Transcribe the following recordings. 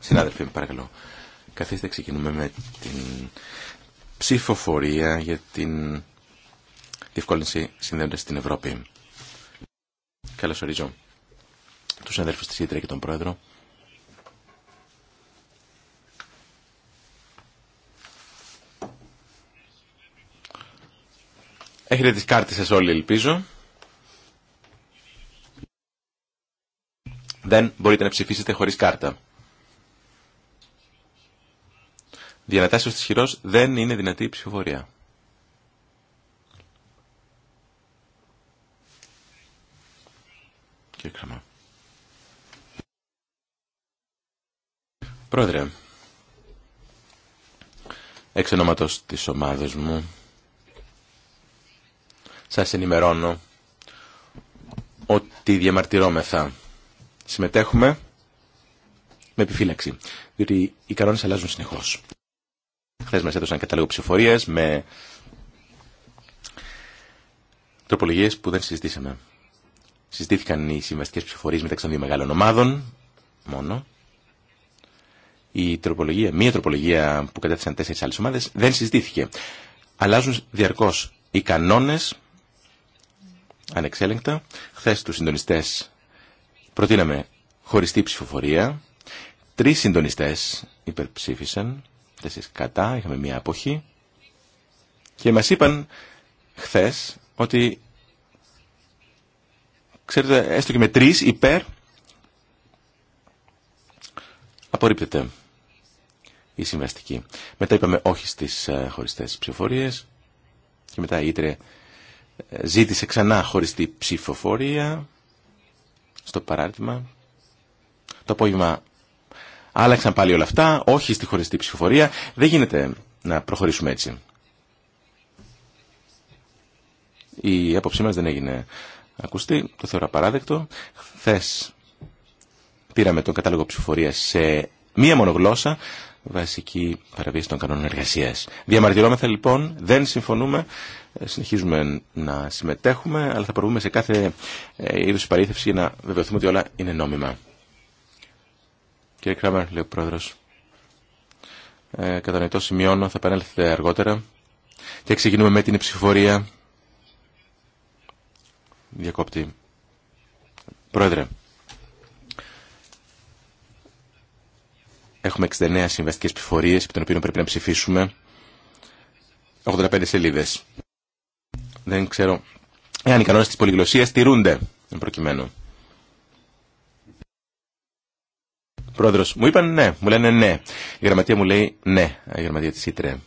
Συνάδελφοι, παρακαλώ, καθίστε ξεκινούμε με την ψηφοφορία για την διευκόλυνση συνδέοντα στην Ευρώπη. Καλώς ορίζω τους συναδέλφους της Ιδρύα και τον Πρόεδρο. Έχετε τις κάρτες σας όλοι, ελπίζω. δεν μπορείτε να ψηφίσετε χωρίς κάρτα. Διανατάσσεως της χειρός δεν είναι δυνατή η ψηφοφορία. Και Κραμά. Πρόεδρε, εξ ονόματος της ομάδας μου, σας ενημερώνω ότι διαμαρτυρόμεθα συμμετέχουμε με επιφύλαξη, διότι οι κανόνες αλλάζουν συνεχώς. Χθε μας έδωσαν κατάλογο ψηφοφορία με τροπολογίες που δεν συζητήσαμε. Συζητήθηκαν οι συμβαστικέ ψηφοφορίε μεταξύ των δύο μεγάλων ομάδων, μόνο. Η τροπολογία, μία τροπολογία που κατέθεσαν τέσσερι άλλε ομάδε δεν συζητήθηκε. Αλλάζουν διαρκώ οι κανόνε ανεξέλεγκτα. Χθε του συντονιστέ. Προτείναμε χωριστή ψηφοφορία. Τρεις συντονιστές υπερψήφισαν, τέσσερις κατά, είχαμε μία αποχή. Και μας είπαν χθες ότι, ξέρετε, έστω και με τρεις υπέρ, απορρίπτεται η συμβαστική. Μετά είπαμε όχι στις ε, χωριστές ψηφοφορίες και μετά η Ήτρε ε, ζήτησε ξανά χωριστή ψηφοφορία στο παράδειγμα, Το απόγευμα άλλαξαν πάλι όλα αυτά, όχι στη χωριστή ψηφοφορία. Δεν γίνεται να προχωρήσουμε έτσι. Η άποψή μας δεν έγινε ακουστή, το θεωρώ απαράδεκτο. Χθε πήραμε τον κατάλογο ψηφοφορία σε μία μονογλώσσα βασική παραβίαση των κανόνων εργασία. Διαμαρτυρόμεθα λοιπόν, δεν συμφωνούμε, ε, συνεχίζουμε να συμμετέχουμε, αλλά θα προβούμε σε κάθε ε, είδου παρήθευση για να βεβαιωθούμε ότι όλα είναι νόμιμα. Κύριε Κράμερ, λέει ο πρόεδρο. ε, κατανοητό σημειώνω, θα επανέλθετε αργότερα και ξεκινούμε με την ψηφορία. Διακόπτη. Πρόεδρε. Έχουμε 69 συμβαστικέ πληροφορίε από των οποίων πρέπει να ψηφίσουμε 85 σελίδε. Δεν ξέρω εάν οι κανόνε της πολυγλωσσίας τηρούνται, εν προκειμένου. Πρόεδρος, μου είπαν ναι, μου λένε ναι. Η γραμματεία μου λέει ναι, η γραμματεία της ΙΤΡΕ.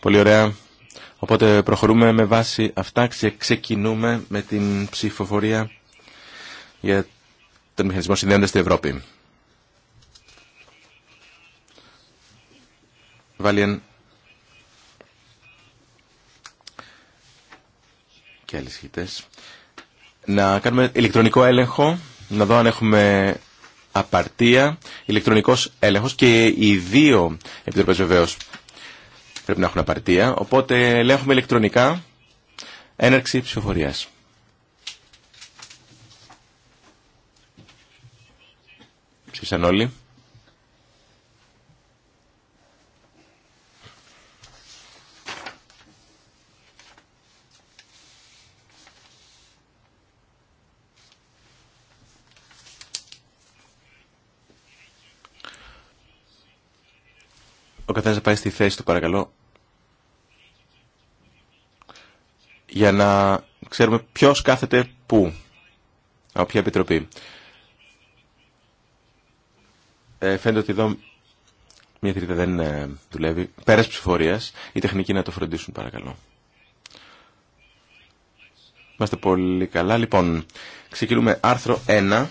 Πολύ ωραία. Οπότε προχωρούμε με βάση αυτά και ξεκινούμε με την ψηφοφορία για τον μηχανισμό συνδέοντας στην Ευρώπη. Βάλιεν και άλλοι Να κάνουμε ηλεκτρονικό έλεγχο, να δω αν έχουμε απαρτία, ηλεκτρονικός έλεγχος και οι δύο επιτροπές βεβαίως πρέπει να έχουν απαρτία, οπότε ελέγχουμε ηλεκτρονικά έναρξη ψηφοφορίας. ψήσαν όλοι. Ο καθένας θα πάει στη θέση του παρακαλώ για να ξέρουμε ποιος κάθεται πού, από ποια επιτροπή. Ε, φαίνεται ότι εδώ μια τρίτα δεν ε, δουλεύει. Πέρας ψηφορία η τεχνική να το φροντίσουν παρακαλώ. Είμαστε πολύ καλά. Λοιπόν, ξεκινούμε άρθρο 1.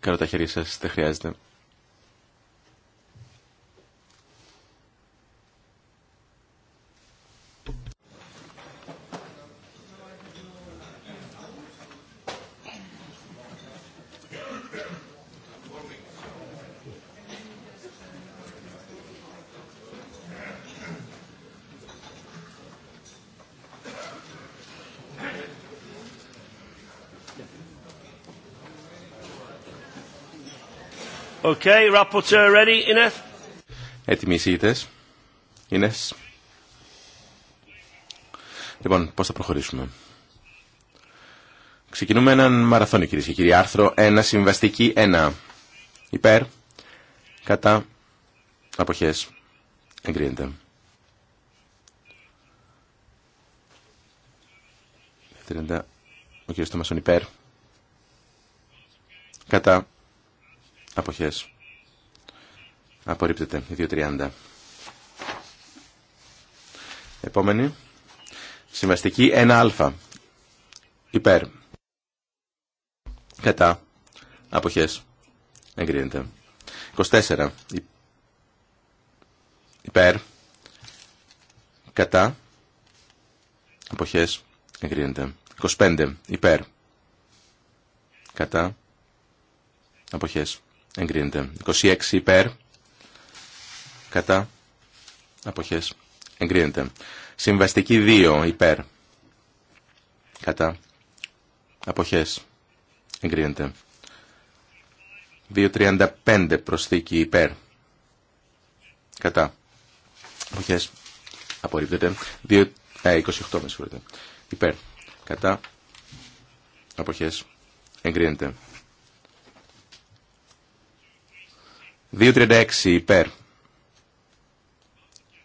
Κάνω τα χέρια σας, δεν χρειάζεται. Okay, rapporteur ready, Ines. Έτοιμοι οι συγητές. Ines. Λοιπόν, πώς θα προχωρήσουμε. Ξεκινούμε έναν μαραθώνιο κυρίε και κύριοι. Άρθρο 1, συμβαστική 1. Υπέρ, κατά, αποχές, εγκρίνεται. Ο κύριος Τόμασον υπέρ, κατά, Αποχές. Απορρίπτεται. 2.30. Επόμενη. Συμβαστική 1α. Υπέρ. Κατά. Αποχές. Εγκρίνεται. 24. Υπέρ. Κατά. Αποχές. Εγκρίνεται. 25. Υπέρ. Κατά. Αποχές εγκρίνεται. 26 υπέρ, κατά, αποχές, εγκρίνεται. Συμβαστική 2 υπέρ, κατά, αποχές, εγκρίνεται. 2.35 προσθήκη υπέρ, κατά, αποχές, απορρίπτεται. 2, 28 ε, με συγχωρείτε, υπέρ, κατά, αποχές, εγκρίνεται. 2.36 υπέρ.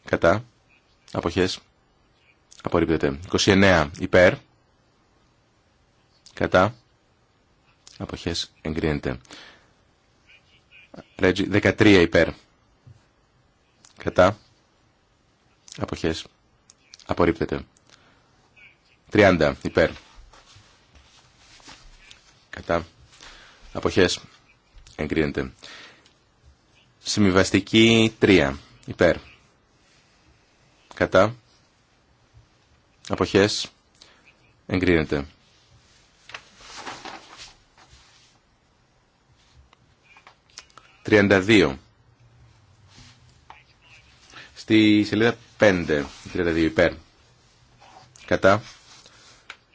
Κατά. Αποχές. Απορρίπτεται. 29 υπέρ. Κατά. Αποχές εγκρίνεται. Ρέτζι 13 υπέρ. Κατά. Αποχές. Απορρίπτεται. 30 υπέρ. Κατά. Αποχές εγκρίνεται. Σημειβαστική 3. Υπέρ. Κατά. Αποχές. Εγκρίνεται. 32. Στη σελίδα 5. 32 υπέρ. Κατά.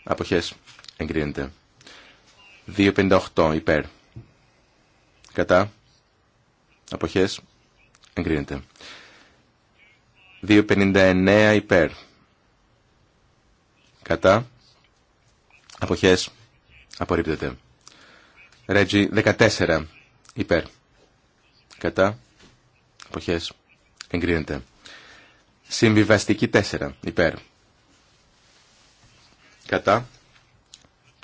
Αποχές. Εγκρίνεται. 258 υπέρ. Κατά. Αποχές. Εγκρίνεται. 2.59 υπέρ. Κατά. Αποχές. Απορρίπτεται. Ρέτζι 14 υπέρ. Κατά. Αποχές. Εγκρίνεται. Συμβιβαστική 4 υπέρ. Κατά.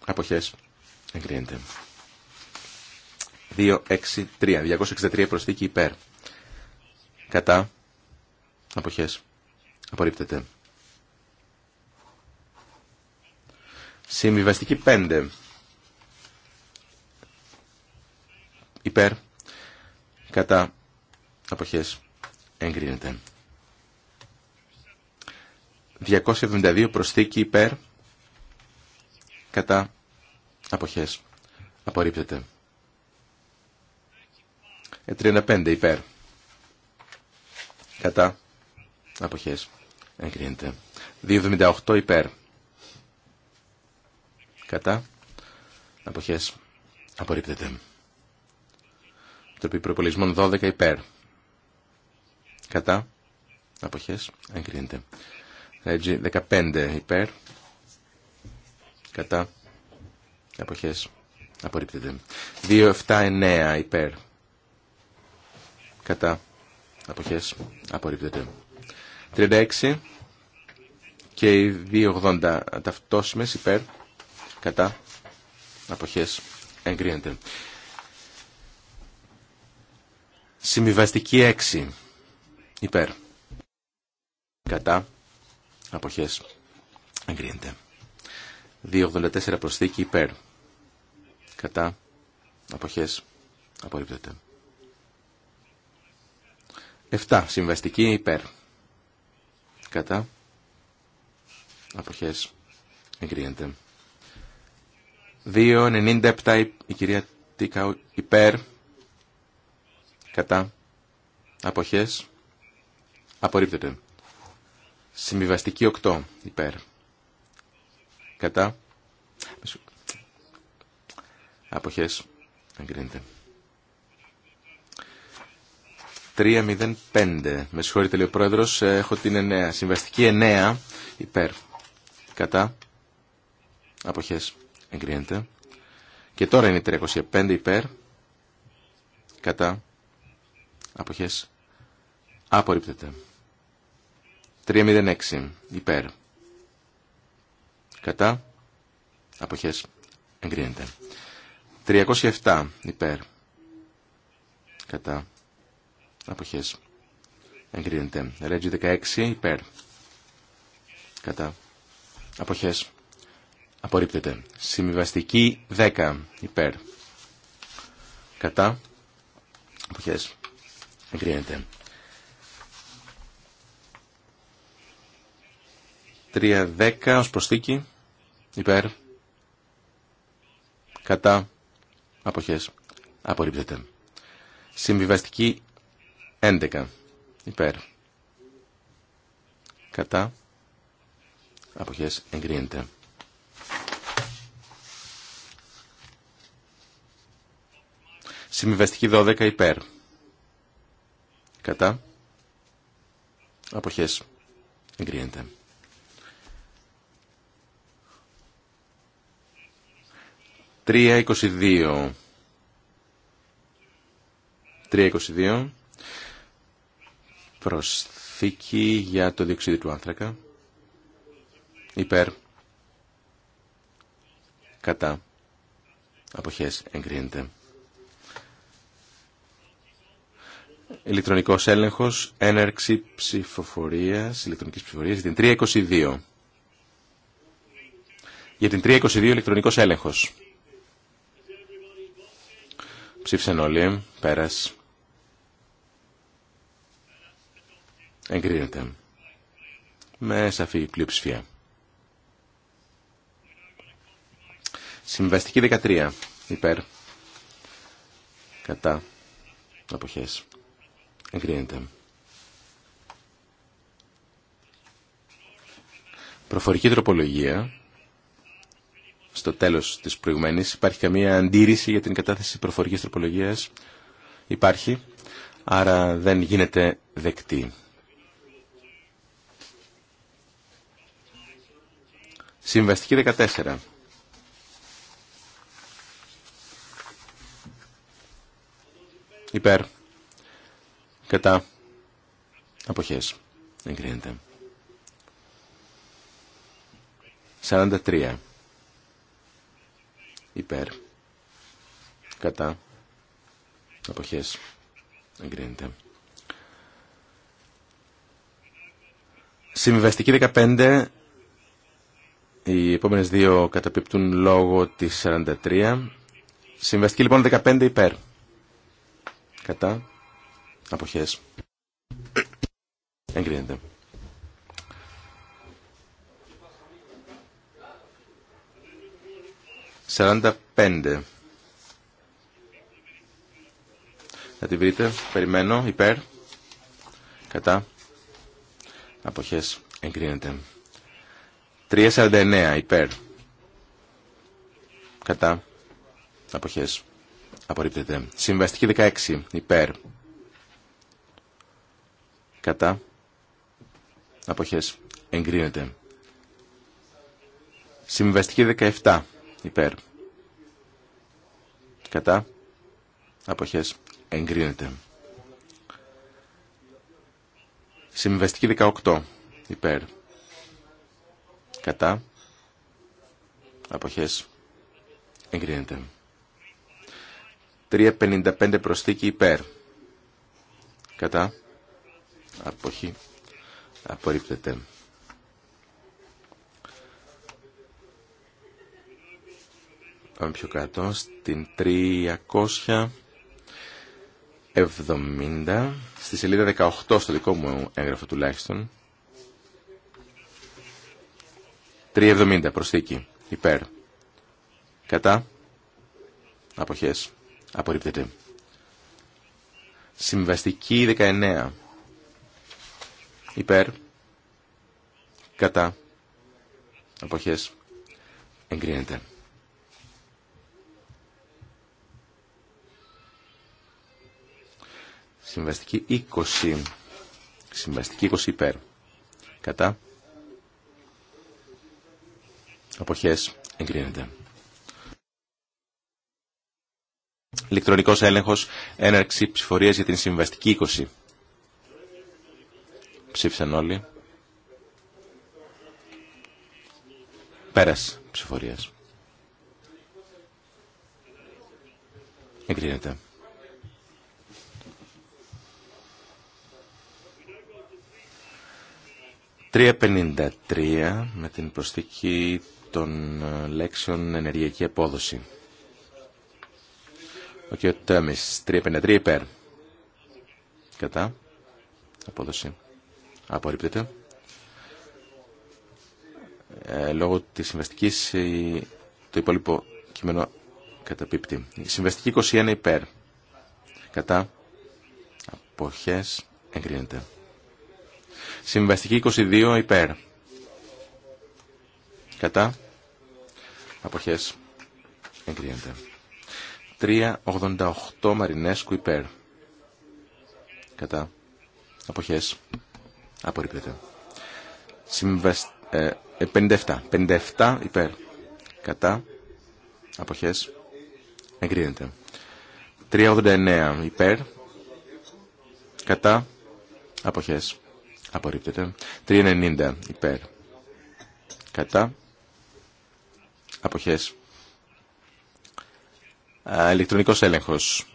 Αποχές. Εγκρίνεται. 263. 263 προσθήκη υπέρ. Κατά. Αποχές. Απορρίπτεται. Συμβιβαστική 5. Υπέρ. Κατά. Αποχές. Εγκρίνεται. 272 προσθήκη υπέρ. Κατά. Αποχές. Απορρίπτεται. 35 υπέρ. Κατά. Αποχές. Εγκρίνεται. 2,78 υπέρ. Κατά. Αποχές. Απορρίπτεται. Τροπή Προπολισμών 12 υπέρ. Κατά. Αποχές. Εγκρίνεται. Ρέτζι 15 υπέρ. Κατά. Αποχές. Απορρίπτεται. 2,79 υπέρ κατά αποχές απορρίπτεται. 36 και οι 2,80 ταυτόσιμες υπέρ κατά αποχές εγκρίνεται. Συμβιβαστική 6 υπέρ κατά αποχές εγκρίνεται. 2,84 προσθήκη υπέρ κατά αποχές απορρίπτεται. 7. Συμβαστική υπέρ. Κατά. Αποχές. Εγκρίνεται. 2.97 η κυρία Τίκαου υπέρ. Κατά. Αποχές. Απορρίπτεται. Συμβιβαστική 8 υπέρ. Κατά. Αποχές. Εγκρίνεται. 305. Με συγχωρείτε λέει ο ε, έχω την 9. Συμβαστική 9 υπέρ. Κατά. Αποχές. Εγκρίνεται. Και τώρα είναι 305 υπέρ. Κατά. Αποχές. Απορρίπτεται. 306 υπέρ. Κατά. Αποχές. Εγκρίνεται. 307 υπέρ. Κατά Αποχές. Εγκρίνεται. Ρέτζι 16 υπέρ. Κατά. Αποχές. Απορρίπτεται. Συμβιβαστική 10 υπέρ. Κατά. Αποχές. Εγκρίνεται. 3-10 ως προσθήκη υπέρ κατά αποχές απορρίπτεται. Συμβιβαστική 11. Υπέρ. Κατά. Αποχές εγκρίνεται. Συμβιβαστική 12 υπέρ. Κατά. Αποχές εγκρίνεται. Τρία εικοσιδίο. Τρία προσθήκη για το διοξείδιο του άνθρακα. Υπέρ. Κατά. Αποχές εγκρίνεται. Ηλεκτρονικός έλεγχος, έναρξη ψηφοφορίας, ηλεκτρονικής ψηφοφορίας για την 322. Για την 322 ηλεκτρονικός έλεγχος. Ψήφισαν όλοι, πέρας. εγκρίνεται με σαφή πλειοψηφία. Συμβαστική 13 υπέρ κατά αποχές εγκρίνεται. Προφορική τροπολογία στο τέλος της προηγουμένης υπάρχει καμία αντίρρηση για την κατάθεση προφορικής τροπολογίας υπάρχει άρα δεν γίνεται δεκτή. Συμβαστική 14. Υπέρ. Κατά. Αποχές. Εγκρίνεται. 43. Υπέρ. Κατά. Αποχές. Εγκρίνεται. Συμβαστική 15 οι επόμενες δύο καταπιπτούν λόγω της 43. Συμβαστική λοιπόν 15 υπέρ. Κατά. Αποχές. Εγκρίνεται. 45. πέντε. Θα τη βρείτε. Περιμένω. Υπέρ. Κατά. Αποχές. Εγκρίνεται. 349 υπέρ. Κατά. Αποχές. Απορρίπτεται. Συμβαστική 16 υπέρ. Κατά. Αποχές. Εγκρίνεται. Συμβαστική 17 υπέρ. Κατά. Αποχές. Εγκρίνεται. Συμβαστική 18 υπέρ. Κατά. Αποχές. Εγκρίνεται. 3.55 προσθήκη υπέρ. Κατά. Αποχή. Απορρίπτεται. Πάμε πιο κάτω. Στην 370. Στη σελίδα 18 στο δικό μου έγγραφο τουλάχιστον. 370 προσθήκη υπέρ κατά αποχές απορρίπτεται. Συμβαστική 19 υπέρ κατά αποχές εγκρίνεται. Συμβαστική 20 συμβαστική 20 υπέρ κατά Αποχές. Εγκρίνεται. Ηλεκτρονικός έλεγχος. Έναρξη ψηφορίας για την συμβαστική 20. Ψήφισαν όλοι. Πέρας ψηφορίας. Εγκρίνεται. 353 με την προσθήκη των ε, λέξεων ενεργειακή απόδοση. Ο κ. Τέμις, 353 υπέρ. Κατά. Απόδοση. Απορρίπτεται. Ε, λόγω της συμβαστικής ε, το υπόλοιπο κείμενο καταπίπτει. Η συμβαστική 21 υπέρ. Κατά. Αποχές. Εγκρίνεται. Συμβαστική 22 υπέρ. Κατά. Αποχές. Εγκρίνεται. 3.88 Μαρινέσκου υπέρ. Κατά. Αποχές. Απορρίπτεται. Συμβαστ. 57. 57 υπέρ. Κατά. Αποχές. Εγκρίνεται. 3.89 υπέρ. Κατά. Αποχές απορρίπτεται. 390 υπέρ. Κατά. Αποχές. Α, ηλεκτρονικός έλεγχος.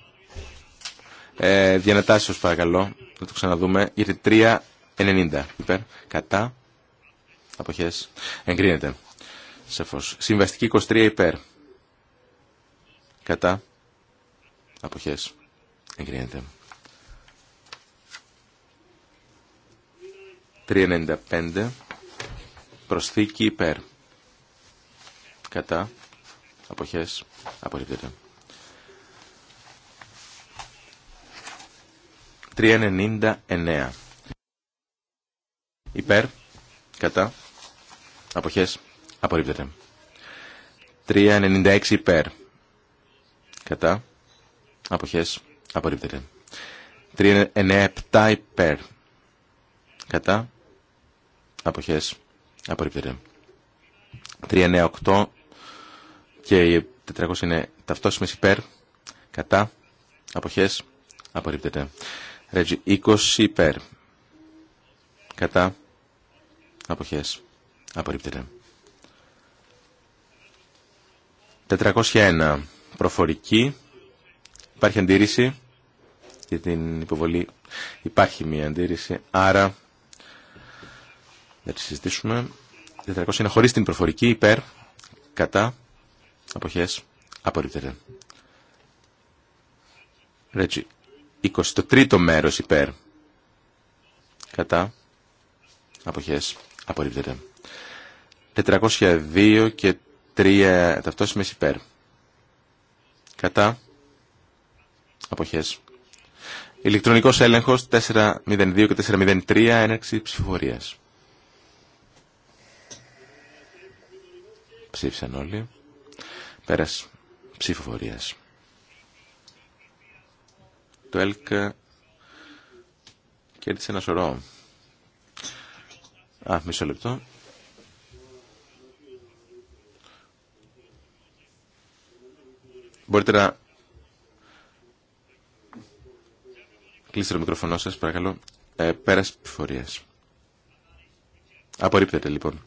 Ε, παρακαλώ. Να το ξαναδούμε. Ήρθε 390 υπέρ. Κατά. Αποχές. Εγκρίνεται. Σεφώς. Συμβαστική 23 υπέρ. Κατά. Αποχές. Εγκρίνεται. 395 προσθήκη υπέρ. Κατά. Αποχές. Απορρίπτεται. 399. Υπέρ. Κατά. Αποχές. Απορρίπτεται. 396 υπέρ. Κατά. Αποχές. Απορρίπτεται. 397 υπέρ. Κατά αποχές απορρίπτεται. 398 και οι 400 είναι ταυτόσιμες υπέρ, κατά, αποχές απορρίπτεται. Ρέτζι 20 υπέρ, κατά, αποχές απορρίπτεται. 401 προφορική, υπάρχει αντίρρηση για την υποβολή, υπάρχει μια αντίρρηση, άρα θα τη συζητήσουμε. 401 χωρίς την προφορική, υπέρ, κατά, αποχές, απορρίπτεται. Ρέτζι, 23ο μέρος υπέρ, κατά, αποχές, απορρίπτεται. 402 και 3 ταυτόσιμες υπέρ, κατά, αποχές. Ηλεκτρονικός έλεγχος 402 και 403, έναρξη ψηφοφορίας. Ψήφισαν όλοι. Πέρας ψηφοφορία. Το έλκ κέρδισε ένα σωρό. Α, μισό λεπτό. Μπορείτε να κλείσετε το μικρόφωνο σας, παρακαλώ. Ε, πέρας ψηφοφορίας. Απορρίπτεται, λοιπόν.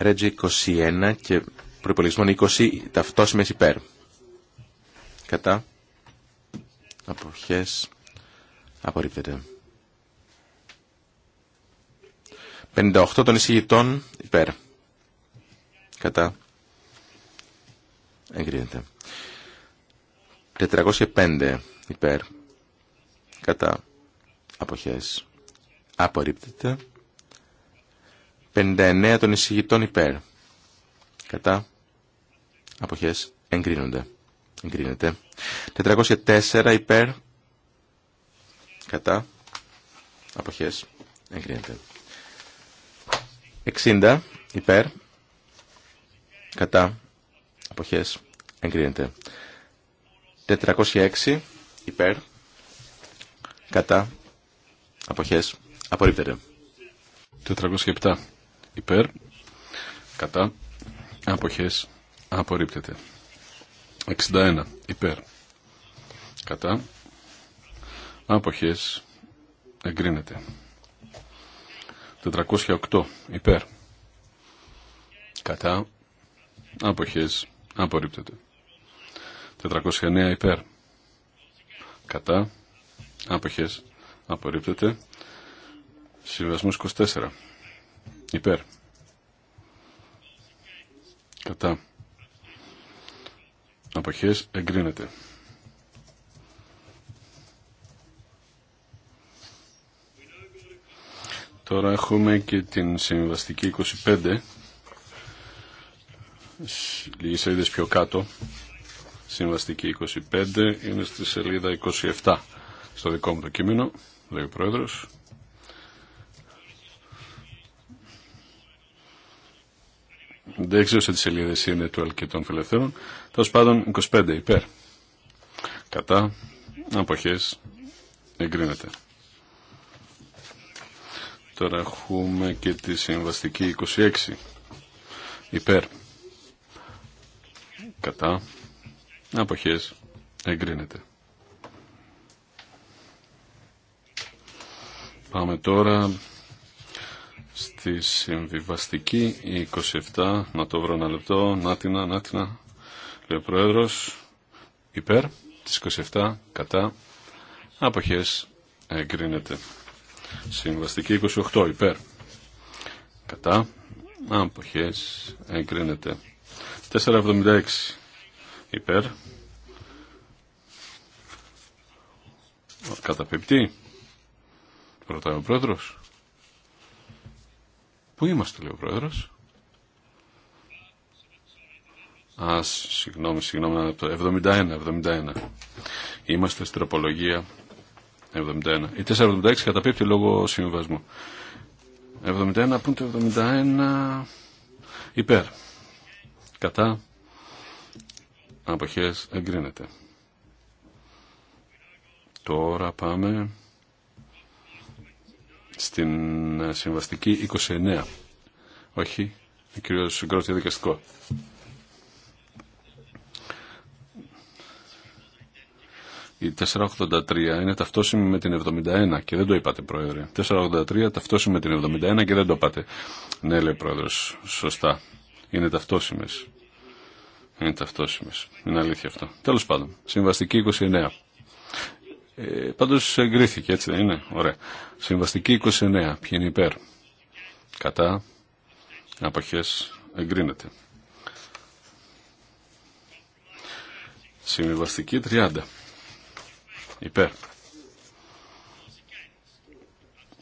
Ρέτζι 21 και προπολογισμό 20 ταυτόσιμε υπέρ. Κατά. Αποχές. Απορρίπτεται. 58 των εισηγητών υπέρ. Κατά. Εγκρίνεται. 405 υπέρ. Κατά. Αποχές. Απορρίπτεται. 59 των εισηγητών υπέρ. Κατά. Αποχές εγκρίνονται. Εγκρίνεται. 404 υπέρ. Κατά. Αποχές εγκρίνεται. 60 υπέρ. Κατά. Αποχές εγκρίνεται. 406 υπέρ. Κατά. Αποχές απορρίπτεται. 407 υπέρ, κατά, αποχές, απορρίπτεται. 61 υπέρ, κατά, αποχές, εγκρίνεται. 408 υπέρ, κατά, αποχές, απορρίπτεται. 409 υπέρ, κατά, αποχές, απορρίπτεται. Συμβασμός 24 Υπέρ. Κατά. Αποχές εγκρίνεται. Τώρα έχουμε και την συμβαστική 25, λίγες σελίδες πιο κάτω. Συμβαστική 25 είναι στη σελίδα 27 στο δικό μου το κείμενο, λέει ο Πρόεδρος. Δεν ξέρω σε τι σελίδε είναι του ΕΛ των φιλελευθέρων. πάντων 25 υπέρ. Κατά Αποχέ. εγκρίνεται. Τώρα έχουμε και τη συμβαστική 26 υπέρ. Κατά Αποχέ. εγκρίνεται. Πάμε τώρα στη συμβιβαστική 27, να το βρω ένα λεπτό, νάτινα, νάτινα, λέει ο Πρόεδρος, υπέρ, της 27, κατά, αποχές, εγκρίνεται. Συμβαστική 28, υπέρ, κατά, αποχές, εγκρίνεται. 476, υπέρ, καταπεπτή, ρωτάει ο Πρόεδρος. Πού είμαστε, λέει ο πρόεδρο. Α, συγγνώμη, συγγνώμη, 71, 71. Είμαστε στην τροπολογία 71. Η 476 καταπίπτει λόγω συμβιβασμού. 71, πού είναι το 71, υπέρ. Κατά, αποχές, εγκρίνεται. Τώρα πάμε στην ε, συμβαστική 29. Όχι, ο κύριος Γκρότ διαδικαστικό. Η 483 είναι ταυτόσιμη με την 71 και δεν το είπατε, Πρόεδρε. 483 ταυτόσιμη με την 71 και δεν το είπατε. Ναι, λέει Πρόεδρος, σωστά. Είναι ταυτόσιμες. Είναι ταυτόσιμες. Είναι αλήθεια αυτό. Τέλος πάντων, συμβαστική 29. Ε, πάντως εγκρίθηκε έτσι δεν είναι. Ωραία. Συμβαστική 29. Ποιοι είναι υπέρ. Κατά. απόχέ εγκρίνεται. Συμβαστική 30. Υπέρ.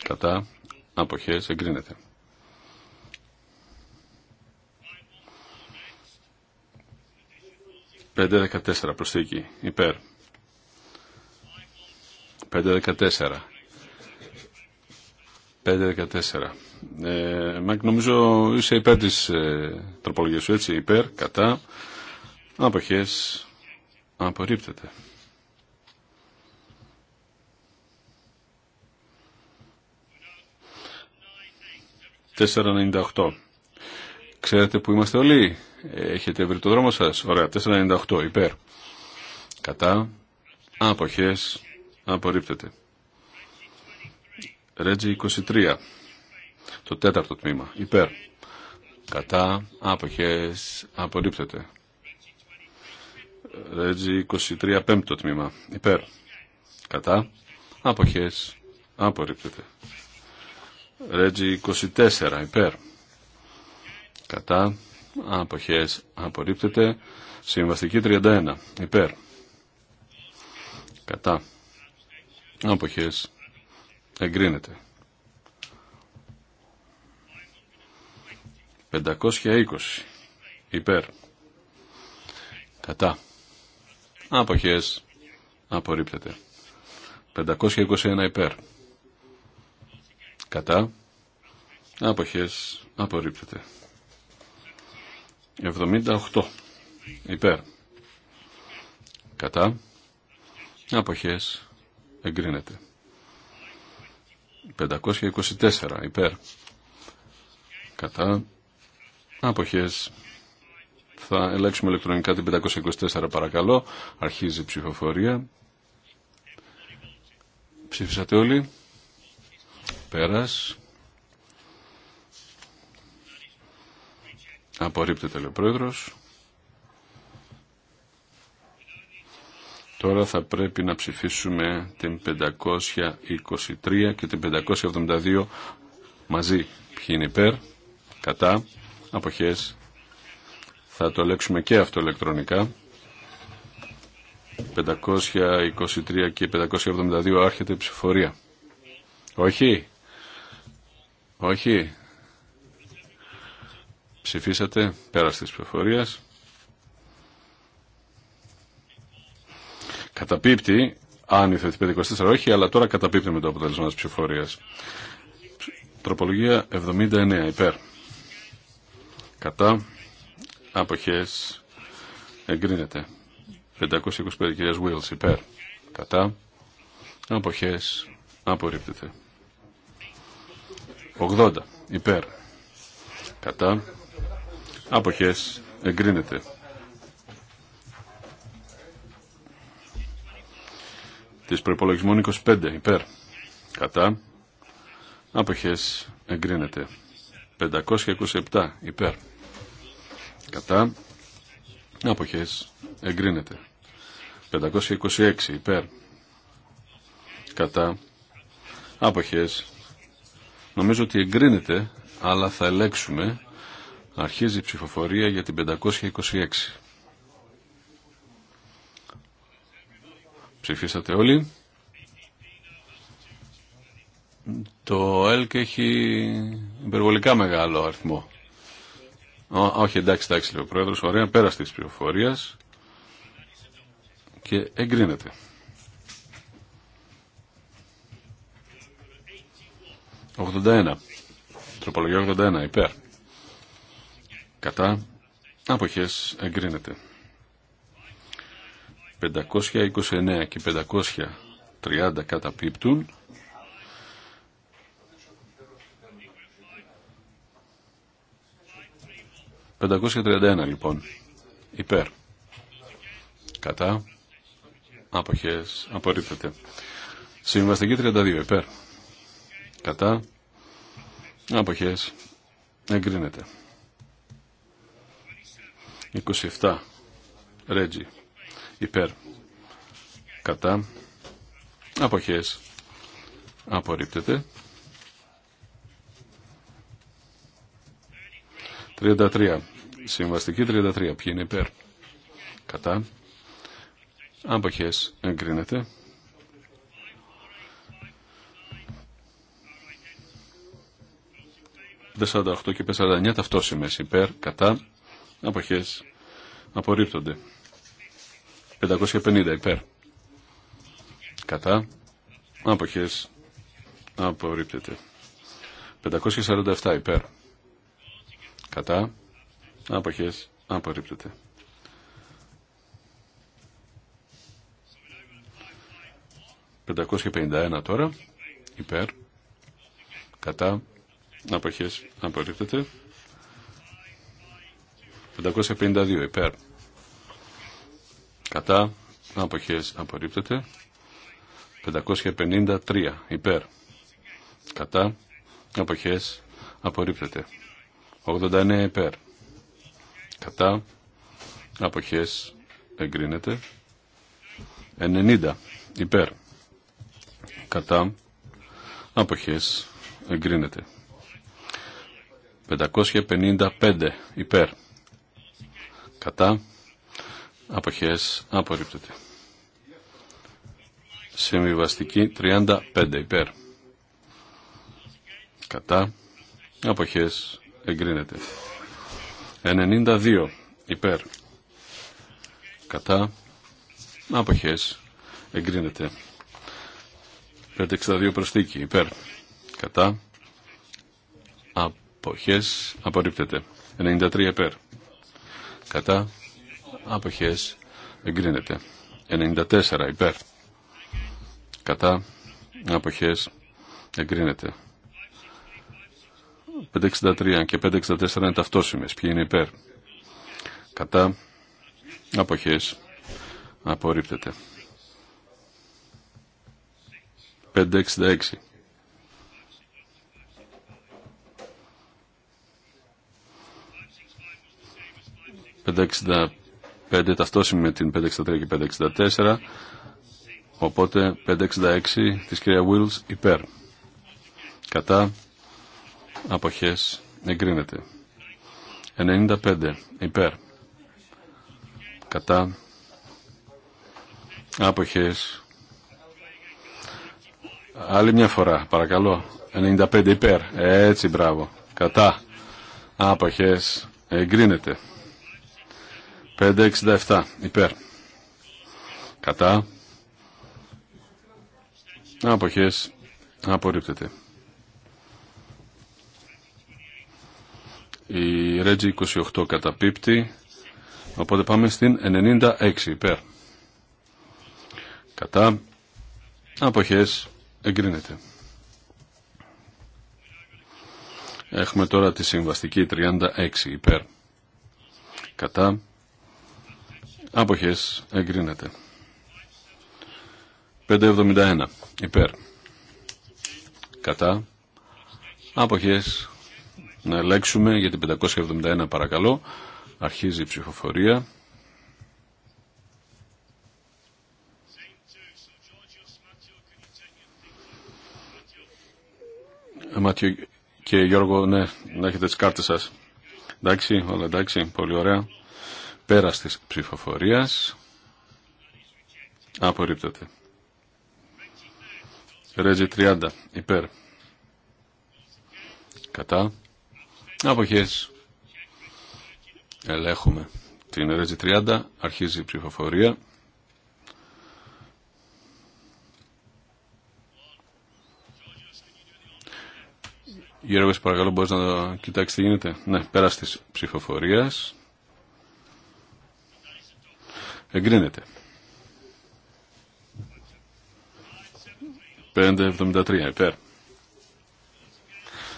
Κατά. Κατά, εγκρίνεται. Πέντε δεκατέσσερα προσθήκη. Υπέρ. 5-14. Ε, Μάκ, νομίζω είσαι υπέρ της ε, τροπολογίας σου, έτσι, υπέρ, κατά, αποχές, απορρίπτεται. 498. Ξέρετε που είμαστε όλοι. Έχετε βρει το δρόμο σας. Ωραία. 498. Υπέρ. Κατά. Αποχές. Απορρίπτεται. Ρέτζι 23. Το τέταρτο τμήμα. Υπέρ. Κατά. Άποχες. Απορρίπτεται. Ρέτζι 23. Πέμπτο τμήμα. Υπέρ. Κατά. Άποχες. Απορρίπτεται. Ρέτζι 24. Υπέρ. Κατά. Άποχες. Απορρίπτεται. Συμβαστική 31. Υπέρ. Κατά αποχές εγκρίνεται 520 υπέρ κατά αποχές απορρίπτεται 521 υπέρ κατά αποχές απορρίπτεται 78 υπέρ κατά αποχές εγκρίνεται. 524 υπέρ. Κατά αποχές θα ελέγξουμε ηλεκτρονικά την 524 παρακαλώ. Αρχίζει η ψηφοφορία. Ψήφισατε όλοι. Πέρας. Απορρίπτεται λέει ο πρόεδρος. Τώρα θα πρέπει να ψηφίσουμε την 523 και την 572 μαζί. Ποιοι είναι υπέρ, κατά, αποχές. Θα το λέξουμε και αυτό ηλεκτρονικά. 523 και 572 άρχεται η ψηφορία. Όχι. Όχι. Ψηφίσατε πέρα της 523. Καταπίπτει, αν θετική 24, όχι, αλλά τώρα καταπίπτει με το αποτέλεσμα τη ψηφοφορία. Τροπολογία 79 υπέρ. Κατά αποχέ, εγκρίνεται. 525 κυρία Βίλ υπέρ. Κατά αποχέ, απορρίπτεται. 80 υπέρ. Κατά αποχέ, εγκρίνεται. της προπολογισμών 25 υπέρ κατά αποχές εγκρίνεται 527 υπέρ κατά αποχές εγκρίνεται 526 υπέρ κατά αποχές νομίζω ότι εγκρίνεται αλλά θα ελέξουμε αρχίζει η ψηφοφορία για την 526 Ψηφίσατε όλοι. Το ΕΛΚ έχει υπερβολικά μεγάλο αριθμό. Ό, όχι, εντάξει, εντάξει, λέει ο Πρόεδρος. Ωραία, πέρα τη πληροφορία και εγκρίνεται. «81». Τροπολογία 81. Υπέρ. Κατά. Αποχές εγκρίνεται. 529 και 530 καταπίπτουν. «531» λοιπόν, υπέρ, κατά, αποχές, απορρίπτεται. Συμβαστική 32, υπέρ, κατά, αποχές, εγκρίνεται. 27, Ρέτζι, υπέρ κατά αποχές απορρίπτεται 33 συμβαστική 33 ποιοι είναι υπέρ κατά αποχές εγκρίνεται 48 και 49 ταυτόσημες υπέρ, κατά, αποχές απορρίπτονται. 550 υπέρ. Κατά. Αποχές. Απορρίπτεται. 547 υπέρ. Κατά. Αποχές. Απορρίπτεται. ...551 τώρα, υπέρ, κατά, αποχές, απορρίπτεται, ...552 υπέρ, κατά αποχές απορρίπτεται 553 υπέρ κατά αποχές απορρίπτεται 89 υπέρ κατά αποχές εγκρίνεται 90 υπέρ κατά αποχές εγκρίνεται 555 υπέρ κατά αποχές απορρίπτεται. Συμβιβαστική 35 υπέρ. Κατά αποχές εγκρίνεται. 92 υπέρ. Κατά αποχές εγκρίνεται. 562 προσθήκη υπέρ. Κατά αποχές απορρίπτεται. 93 υπέρ. Κατά αποχές εγκρίνεται 94 υπέρ κατά αποχές εγκρίνεται 563 και 564 είναι ταυτόσιμες ποιοι είναι υπέρ κατά αποχές απορρίπτεται 566 565 5 ταυτόσιμη με την 563 και 564 οπότε 566 της κυρία Wills υπέρ κατά αποχές εγκρίνεται 95 υπέρ κατά άποχες άλλη μια φορά παρακαλώ 95 υπέρ έτσι μπράβο κατά άποχες εγκρίνεται 567 υπέρ. Κατά. Αποχές. Απορρίπτεται. Η Reggie 28 καταπίπτει. Οπότε πάμε στην 96 υπέρ. Κατά. Αποχές. Εγκρίνεται. Έχουμε τώρα τη συμβαστική 36 υπέρ. Κατά. Άποχες εγκρίνεται. 571 υπέρ. Κατά. Άποχες να ελέξουμε για την 571 παρακαλώ. Αρχίζει η ψηφοφορία. Μάτιο και Γιώργο, ναι, να έχετε τις κάρτες σας. Εντάξει, όλα εντάξει, πολύ ωραία. Πέρας της ψηφοφορίας απορρίπτεται. Ρέτζι 30 υπέρ. Κατά. Αποχές. Ελέγχουμε. Την Ρέτζι 30 αρχίζει η ψηφοφορία. Γιώργος, παρακαλώ, μπορείς να κοιτάξεις τι γίνεται. Ναι, πέρας της ψηφοφορίας. Εγκρίνεται. 573 υπέρ.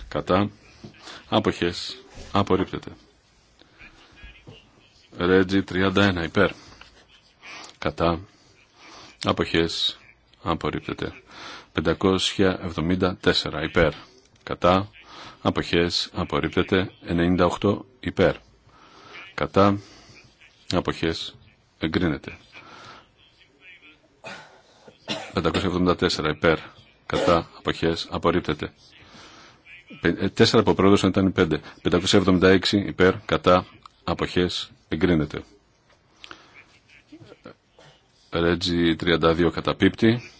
Κατά. Αποχές. Απορρίπτεται. Ρέτζι 31 υπέρ. Κατά. Αποχές. Απορρίπτεται. 574 υπέρ. Κατά. Αποχές. Απορρίπτεται. 98 υπέρ. Κατά. Αποχές εγκρίνεται. 574 υπέρ, κατά, αποχές, απορρίπτεται. 4 ε, από πρόεδρος ήταν 5. 576 υπέρ, κατά, αποχές, εγκρίνεται. Ρέτζι 32 καταπίπτει.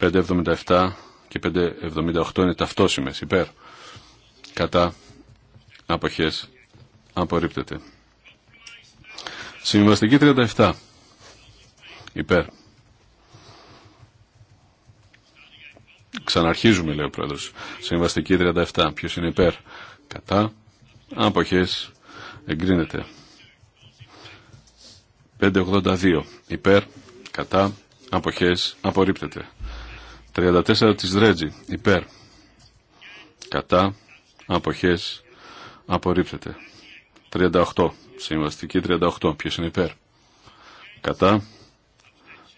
577 και 578 είναι ταυτόσιμες υπέρ. Κατά αποχές απορρίπτεται. Συμβαστική 37. Υπέρ. Ξαναρχίζουμε, λέει ο πρόεδρος. Συμβαστική 37. Ποιος είναι υπέρ. Κατά. Άποχες. Εγκρίνεται. 582. Υπέρ. Κατά. Αποχές. Απορρίπτεται. 34 της Ρέτζη. Υπέρ. Κατά. Αποχές. Απορρίπτεται. 38. Συμβαστική 38. Ποιος είναι υπέρ. Κατά.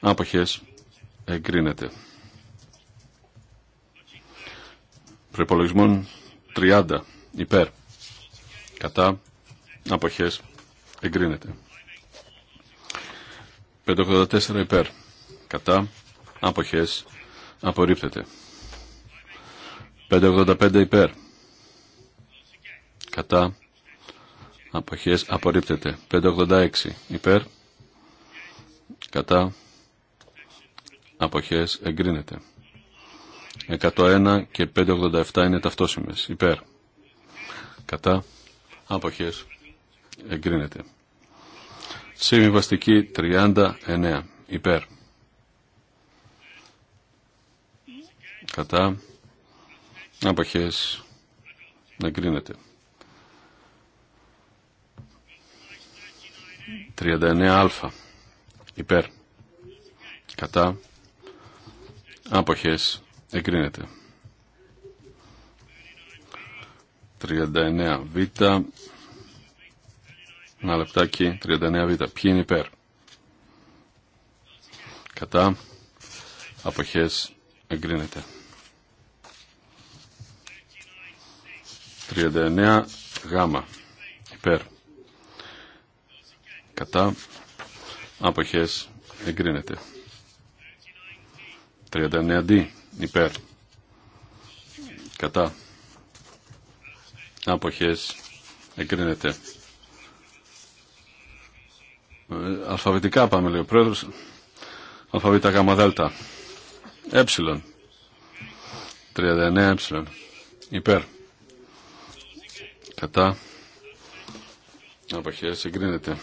Άποχες. Εγκρίνεται. Προπολογισμών 30. Υπέρ. Κατά. Άποχες. Εγκρίνεται. 584 υπέρ. Κατά. Άποχες. Απορρίπτεται. 585 υπέρ. Κατά. Αποχές απορρίπτεται. 586 υπέρ. Κατά. Αποχές εγκρίνεται. 101 και 587 είναι ταυτόσημες. Υπέρ. Κατά. Αποχές εγκρίνεται. Συμβιβαστική 39 υπέρ. Κατά. Αποχές εγκρίνεται. 39α υπέρ κατά άποχες εγκρίνεται 39β ένα λεπτάκι 39β ποιοι είναι υπέρ κατά αποχές εγκρίνεται 39 γ υπέρ κατά αποχές εγκρίνεται 39D υπέρ κατά αποχές εγκρίνεται ε, αλφαβητικά πάμε λέει ο πρόεδρος αλφαβήτα γάμα δέλτα ε 39 ε υπέρ κατά αποχές εγκρίνεται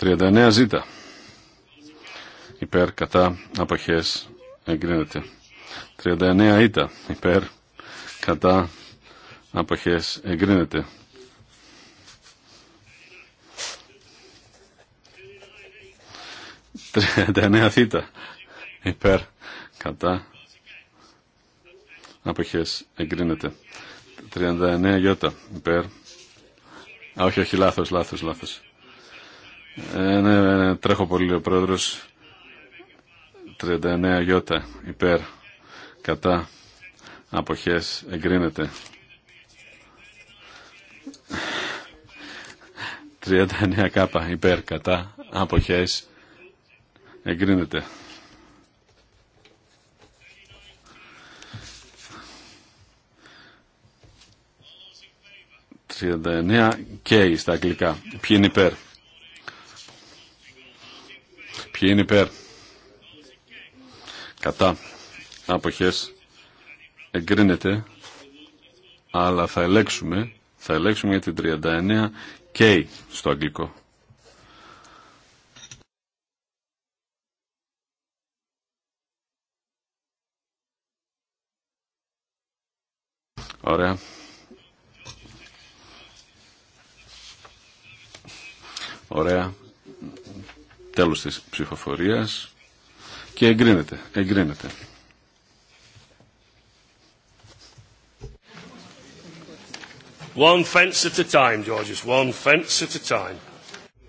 39 ζήτα. Υπέρ κατά αποχές εγκρίνεται. 39 ήτα. Υπέρ κατά αποχές εγκρίνεται. 39Θ θήτα υπέρ κατά αποχές εγκρίνεται. 39 γιώτα υπέρ. όχι, όχι, λάθος, λάθος, λάθος. Ε, ναι, ναι, ναι, τρέχω πολύ ο πρόεδρος. 39 γιώτα υπέρ κατά αποχές εγκρίνεται. 39 κάπα υπέρ κατά αποχές εγκρίνεται. ...39 καί στα αγγλικά. Ποιοι είναι υπέρ. Ποιοι είναι υπέρ. Κατά. Άποχες. Εγκρίνεται. Αλλά θα ελέξουμε. Θα ελέξουμε για την 39 K στο αγγλικό. Ωραία. Ωραία. Τέλος της ψηφοφορίας και εγκρίνεται. εγκρίνεται. One fence at a time, Georges. One fence at a time.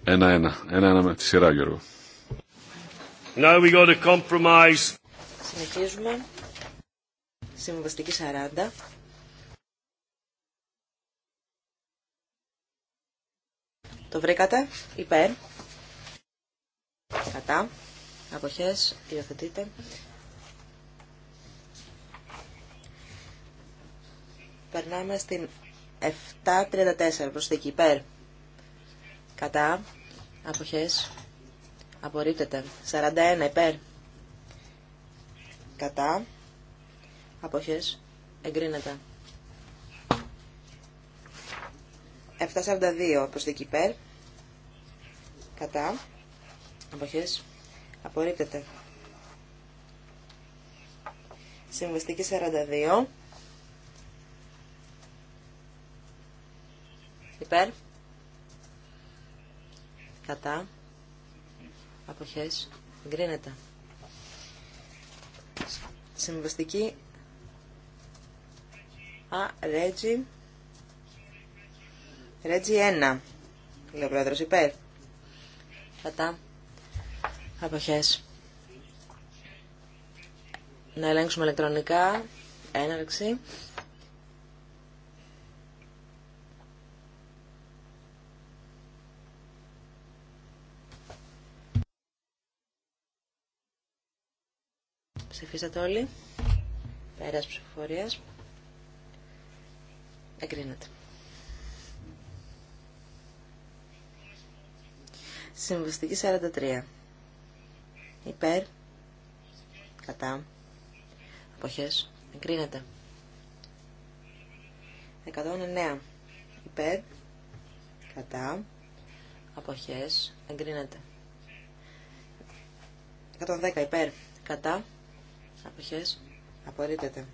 Ένα-ένα. Ένα-ένα με τη σειρά, Γιώργο. Now we got a compromise. Συνεχίζουμε. Συμβαστική 40. Το βρήκατε. Υπέρ. Κατά. Αποχές. Υιοθετείτε. Περνάμε στην 734 προσθήκη υπέρ. Κατά. Αποχές. Απορρίπτεται. 41 υπέρ. Κατά. Αποχές. Εγκρίνεται. 742 προς την Κατά. Αποχές. Απορρίπτεται. Συμβαστική 42. Υπέρ. Κατά. Αποχές. Γκρίνεται. Συμβαστική. Α, Ρέτζι. Ρέτζι 1. Λέω πρόεδρος. Υπέρ. Κατά αποχές. Να ελέγξουμε ηλεκτρονικά. Έναρξη. Ψηφίσατε όλοι. Πέρας ψηφοφορίας. Εγκρίνεται. Συμβαστική 43 υπέρ, κατά, αποχές, εγκρίνεται. 109 υπέρ, κατά, αποχές, εγκρίνεται. 110 υπέρ, κατά, αποχές, απορρίπτεται.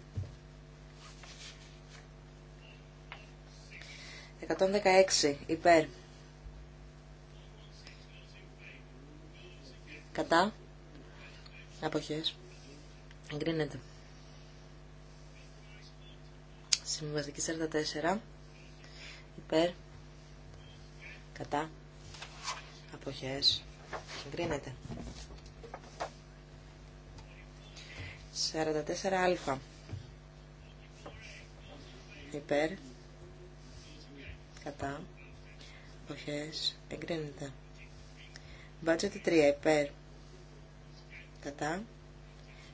116 υπέρ, κατά, Αποχές. Εγκρίνεται. Συμβαστική 44. Υπέρ. Κατά. Αποχές. Εγκρίνεται. 44α. Υπέρ. Κατά. Αποχές. Εγκρίνεται. Budget 3. Υπέρ. Κατά.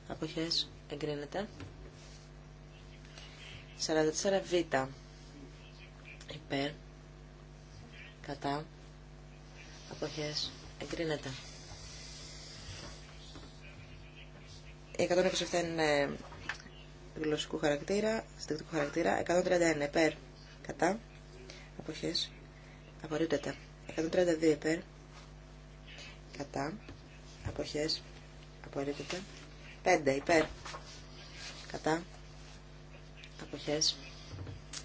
Αποχές. Εγκρίνεται. 44 Β. Υπέρ. Κατά. Αποχές. Εγκρίνεται. 127 είναι γλωσσικού χαρακτήρα, χαρακτήρα. 131 υπέρ. Κατά. Αποχές. Απορρίπτεται. 132 υπέρ. Κατά. Αποχές απορρίπτεται. 5 υπέρ. Κατά. Αποχές.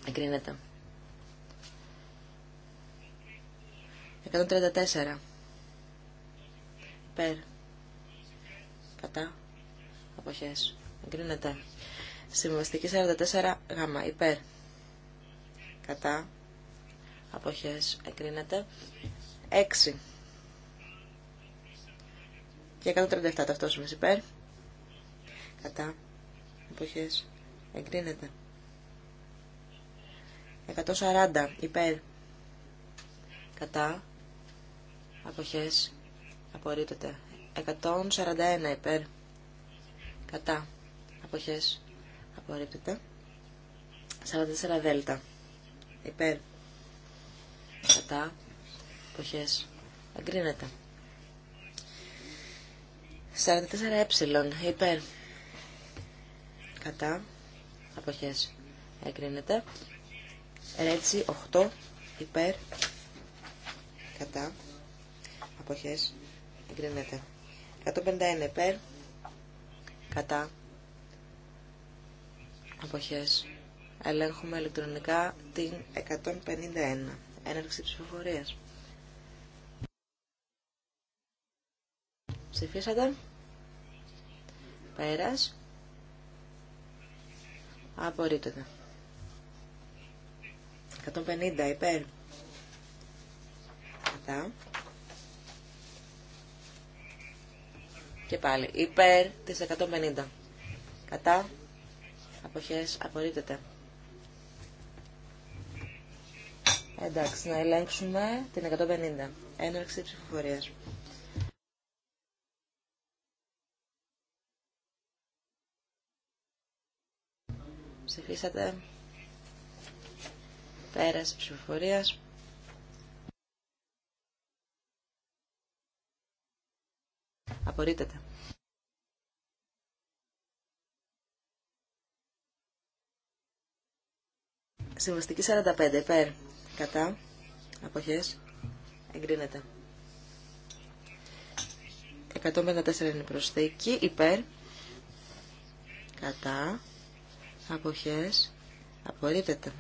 Εγκρίνεται. 134. Υπέρ. Κατά. Αποχές. Εγκρίνεται. Συμβαστική 44 γάμα. Υπέρ. Κατά. Αποχές. Εγκρίνεται. 6 και 137 ταυτόσημε υπέρ. Κατά. εποχέ, Εγκρίνεται. 140 υπέρ. Κατά. εποχέ. Απορρίπτεται. 141 υπέρ. Κατά. Αποχές. Απορρίπτεται. 44 δέλτα. Υπέρ. Κατά. εποχέ. Εγκρίνεται. 44 ε, υπέρ. Κατά. Αποχές. Εγκρίνεται. Ρέτσι 8 υπέρ. Κατά. Αποχές. Εγκρίνεται. 151 υπέρ. Κατά. Αποχές. Ελέγχουμε ηλεκτρονικά την 151. Έναρξη ψηφοφορίας. Ψηφίσατε. Πέρας. Απορρίπτεται. 150 υπέρ. Κατά. Και πάλι. Υπέρ της 150. Κατά. Αποχές. Απορρίπτεται. Εντάξει, να ελέγξουμε την 150. Έναρξη ψηφοφορίας. Ψηφίσατε. Πέρας ψηφοφορίας. Απορρίτεται. Συμβαστική 45 υπέρ. Κατά. Αποχές. Εγκρίνεται. 154 είναι προσθήκη. Υπέρ. Κατά αποχές απορρίπτεται.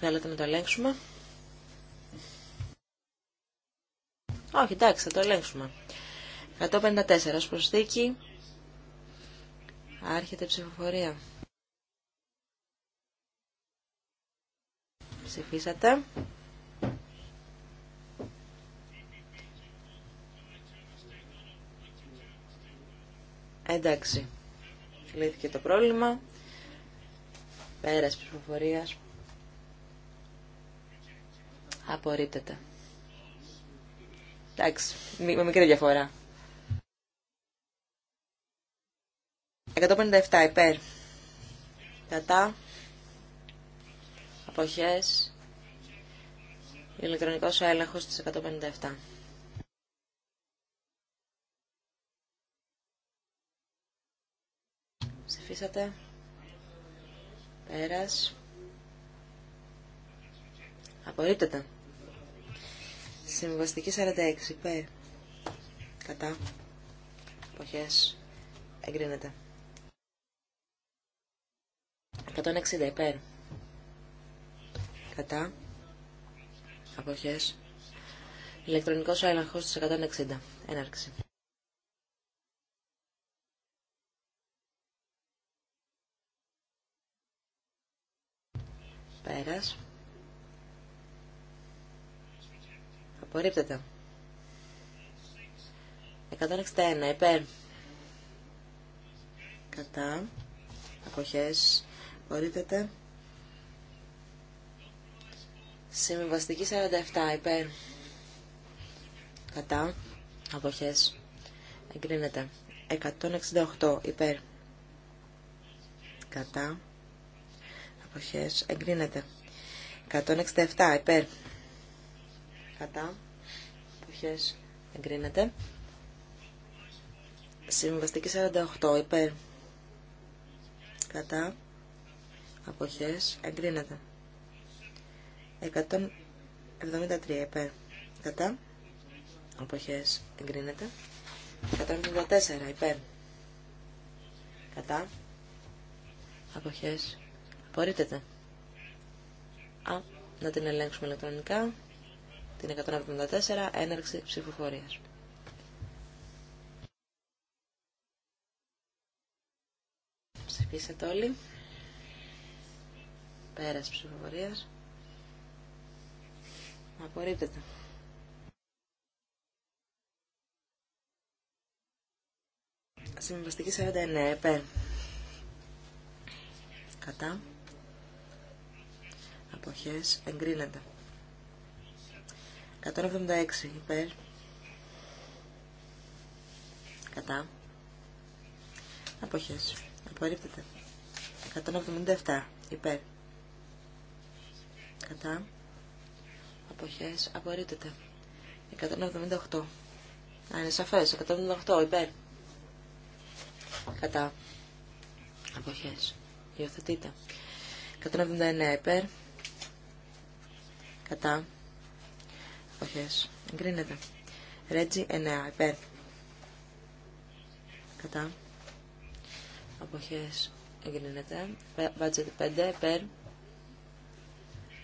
Θέλετε να το ελέγξουμε. Όχι, εντάξει, θα το ελέγξουμε. 154 ως προσθήκη. Άρχεται ψηφοφορία. Ψηφίσατε. Εντάξει. Λύθηκε το πρόβλημα. Πέρας ψηφοφορία. Απορρίπτεται. Εντάξει, με μικρή διαφορά. 157 υπέρ. Κατά. Αποχές. Ηλεκτρονικός έλεγχος της 157. Ψηφίσατε. Πέρας. Απορρίπτεται. Συμβαστική 46. Υπέρ. Κατά. Εποχές. Εγκρίνεται. 160. Υπέρ. Κατά. Αποχές. Ηλεκτρονικός έλεγχος της 160. Έναρξη. Πέρας. Απορρίπτεται. 161 υπέρ. Κατά. Αποχές. Απορρίπτεται. Συμβαστική 47 υπέρ. Κατά. Αποχές. Εγκρίνεται. 168 υπέρ. Κατά αποχές εγκρίνεται 167 υπέρ κατά αποχές εγκρίνεται συμβαστική 48 υπέρ κατά αποχές εγκρίνεται 173 υπέρ κατά αποχές εγκρίνεται 174 υπέρ κατά αποχές Απορρίπτεται. Α, να την ελέγξουμε ηλεκτρονικά. Την 174, έναρξη ψηφοφορίας. Ψηφίσατε όλοι. Πέρας ψηφοφορίας. Απορρίπτεται. Συμβαστική 49, επέ. Κατά αποχές εγκρίνεται 176 υπέρ κατά αποχές απορρίπτεται 177 υπέρ κατά αποχές απορρίπτεται 178 να είναι σαφές 178 υπέρ κατά αποχές υιοθετείται 179 υπέρ κατά αποχές εγκρίνεται Ρέτζι 9 υπέρ κατά αποχές εγκρίνεται Βάτζετ, 5 υπέρ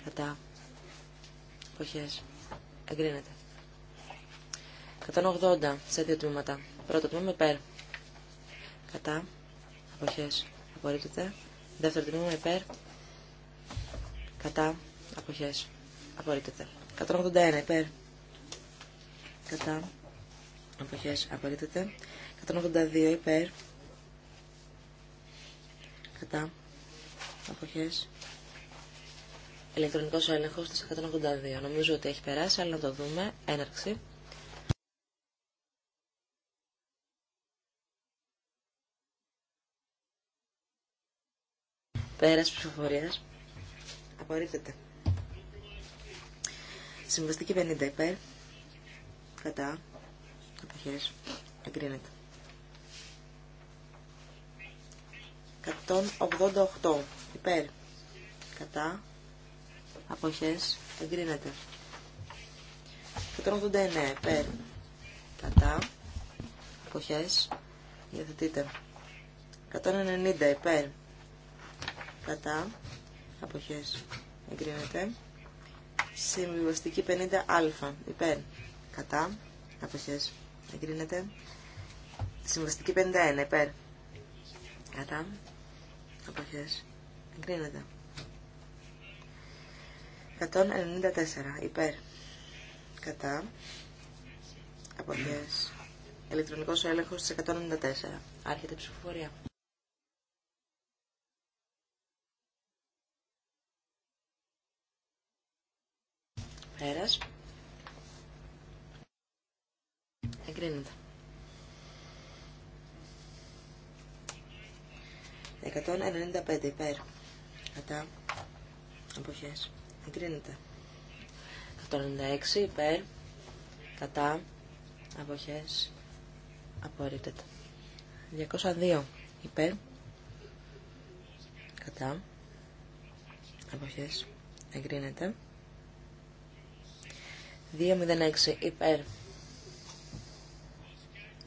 κατά αποχές εγκρίνεται 180 σε δύο τμήματα πρώτο τμήμα υπέρ κατά αποχές απορρίπτεται δεύτερο τμήμα υπέρ κατά αποχές απορρίπτεται. 181 υπέρ. Κατά. αποχέ απορρίπτεται. 182 υπέρ. Κατά. Αποχέ. Ελεκτρονικό έλεγχο τη 182. Νομίζω ότι έχει περάσει, αλλά να το δούμε. Έναρξη. Πέρας ψηφοφορίας. Απορρίπτεται. Συμβαστική 50 υπέρ. Κατά. Αποχές. Εγκρίνεται. 188 υπέρ. Κατά. Αποχές. Εγκρίνεται. 189 υπέρ. Κατά. Αποχές. Υιοθετείτε. 190 υπέρ. Κατά. Αποχές. Εγκρίνεται. Συμβιβαστική 50α. Υπέρ. Κατά. Αποχές. Εγκρίνεται. Συμβιβαστική 51. Υπέρ. Κατά. Αποχές. Εγκρίνεται. 194. Υπέρ. Κατά. Αποχές. Ηλεκτρονικός έλεγχος της 194. Άρχεται η ψηφοφορία. Εγκρίνεται. 195 υπέρ. Κατά. Αποχές. Εγκρίνεται. 196 υπέρ. Κατά. Αποχές. Απορρίπτεται. 202 υπέρ. Κατά. Αποχές. Εγκρίνεται. 206 υπέρ.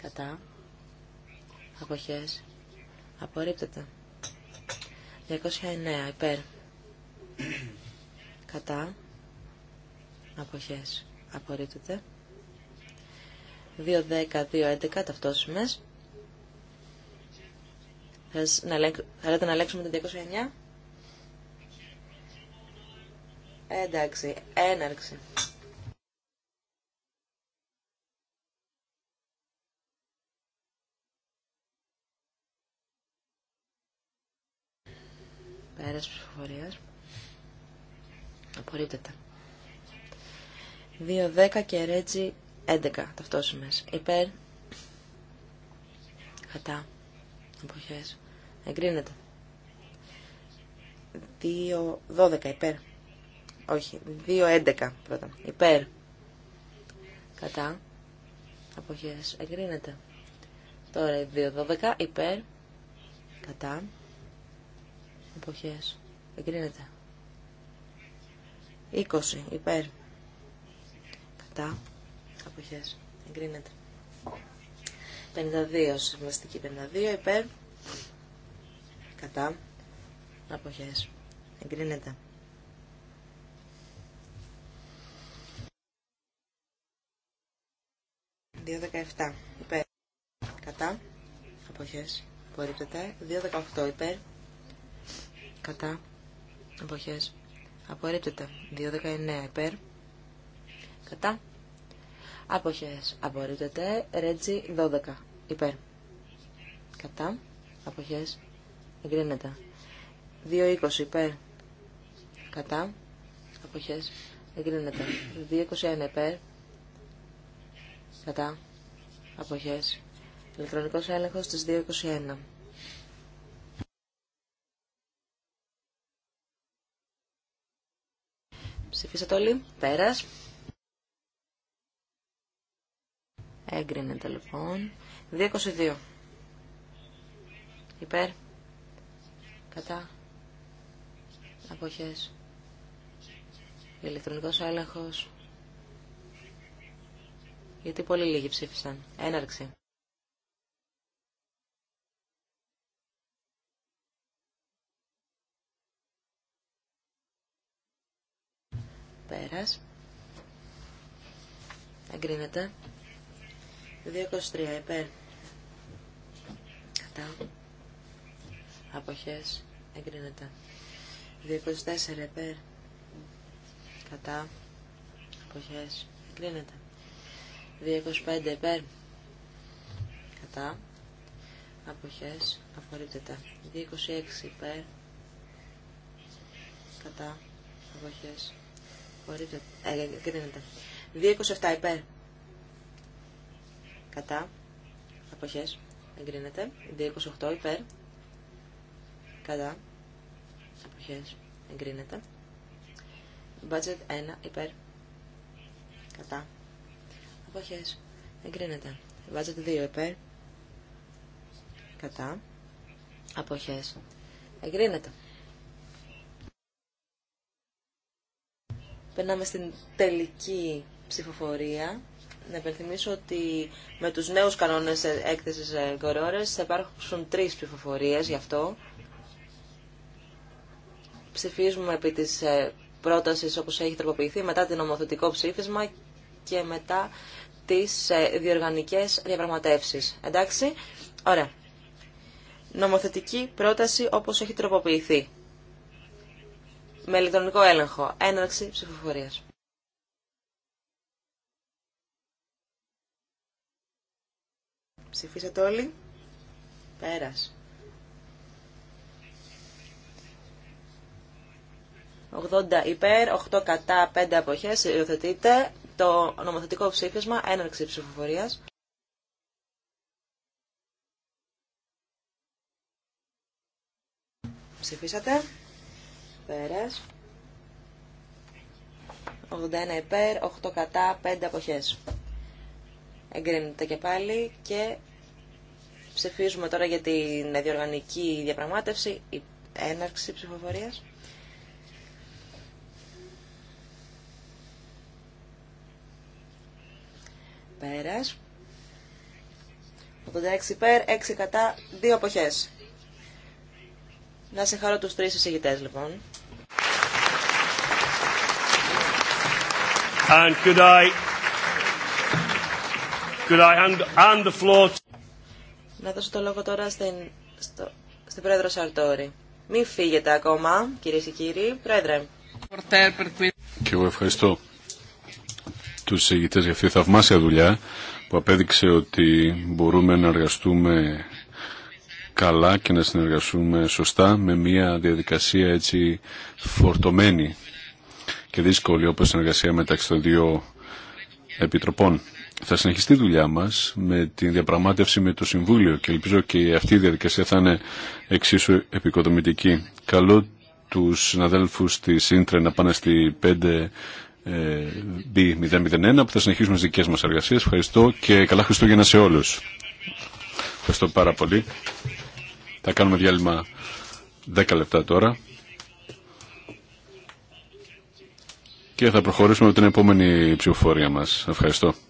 Κατά. Αποχές. Απορρίπτεται. 209 υπέρ. Κατά. Αποχές. Απορρίπτεται. 2-10-2-11 ταυτόσιμες. να Θέλετε να ελέγξουμε την 209. Εντάξει, έναρξη. περα ψηφοφορίας. Απορρίπτεται. 2-10 και Ρέτζι 11 ταυτόσημες. Υπέρ. Κατά. αποχε Εγκρίνεται. 2.12 υπέρ. Όχι. 2-11 πρώτα. Υπέρ. Κατά. απόχέ. Εγκρίνεται. Τώρα Τώρα 2-12 υπέρ. Κατά εποχές εγκρίνεται 20 υπέρ κατά εποχές εγκρίνεται 52 συμβαστική 52 υπέρ κατά εποχές εγκρίνεται 2.17 υπέρ κατά αποχές απορρίπτεται 2.18 υπέρ κατά εποχές απορρίπτεται 2.19 υπέρ κατά αποχές απορρίπτεται ρέτζι 12 υπέρ κατά αποχές εγκρίνεται 2.20 υπέρ κατά αποχές εγκρίνεται 2.21 υπέρ κατά αποχές ηλεκτρονικός έλεγχος της 2.21 Ψηφίσατε όλοι. Πέρας. Έγκρινεται λοιπόν. 22 Υπέρ. Κατά. Αποχές. Ηλεκτρονικός έλεγχο. Γιατί πολύ λίγοι ψήφισαν. Έναρξη. Πέρας. Εγκρίνεται. 2.23 υπέρ. Κατά. Αποχές. Εγκρίνεται. 2.24 υπέρ. Κατά. Αποχές. Εγκρίνεται. 2.25 υπέρ. Κατά. Αποχές. Απορρίπτεται. 2.26 υπέρ. Κατά. Αποχές. Απορρίπτεται. Ε, ε, Εγκρίνεται. 2.27 υπέρ. Κατά. Αποχέ. Εγκρίνεται. 2.28 υπέρ. Κατά. Αποχές. Εγκρίνεται. Budget 1 υπέρ. Κατά. Αποχέ. Εγκρίνεται. Budget 2 υπέρ. Κατά. Αποχέ. Εγκρίνεται. Περνάμε στην τελική ψηφοφορία. Να υπενθυμίσω ότι με τους νέους κανόνες έκθεσης Κορόρες ε, θα υπάρχουν τρεις ψηφοφορίες γι' αυτό. Ψηφίζουμε επί της ε, πρότασης όπως έχει τροποποιηθεί, μετά την νομοθετικό ψήφισμα και μετά τις ε, διοργανικές διαπραγματεύσεις. Εντάξει, ωραία. Νομοθετική πρόταση όπως έχει τροποποιηθεί με ηλεκτρονικό έλεγχο. Έναρξη ψηφοφορία. Ψηφίσατε όλοι. Πέρας. 80 υπέρ, 8 κατά, 5 αποχές. Υιοθετείτε το νομοθετικό ψήφισμα έναρξη ψηφοφορίας. Ψηφίσατε. Πέρας. 81 υπέρ, 8 κατά, 5 αποχές. Εγκρίνεται και πάλι και ψηφίζουμε τώρα για την διοργανική διαπραγμάτευση, η έναρξη ψηφοφορίας. Πέρας. 86 υπέρ, 6 κατά, 2 αποχές. Να συγχαρώ τους τρεις εισηγητές λοιπόν. And Να δώσω το λόγο τώρα στην, στο, στην πρόεδρο Σαρτόρη. Μην φύγετε ακόμα, κυρίε και κύριοι. Πρόεδρε. Και εγώ ευχαριστώ τους συγγητέ για αυτή τη θαυμάσια δουλειά που απέδειξε ότι μπορούμε να εργαστούμε καλά και να συνεργαστούμε σωστά με μια διαδικασία έτσι φορτωμένη και δύσκολη όπως η συνεργασία μεταξύ των δύο επιτροπών. Θα συνεχιστεί η δουλειά μας με τη διαπραγμάτευση με το Συμβούλιο και ελπίζω και αυτή η διαδικασία θα είναι εξίσου επικοδομητική. Καλό τους συναδέλφους τη Σύντρε να πάνε στη 5 B001 ε, που θα συνεχίσουμε τις δικές μας εργασίες. Ευχαριστώ και καλά Χριστούγεννα σε όλους. Ευχαριστώ πάρα πολύ. Θα κάνουμε διάλειμμα 10 λεπτά τώρα. και θα προχωρήσουμε με την επόμενη ψηφοφορία μας. Ευχαριστώ.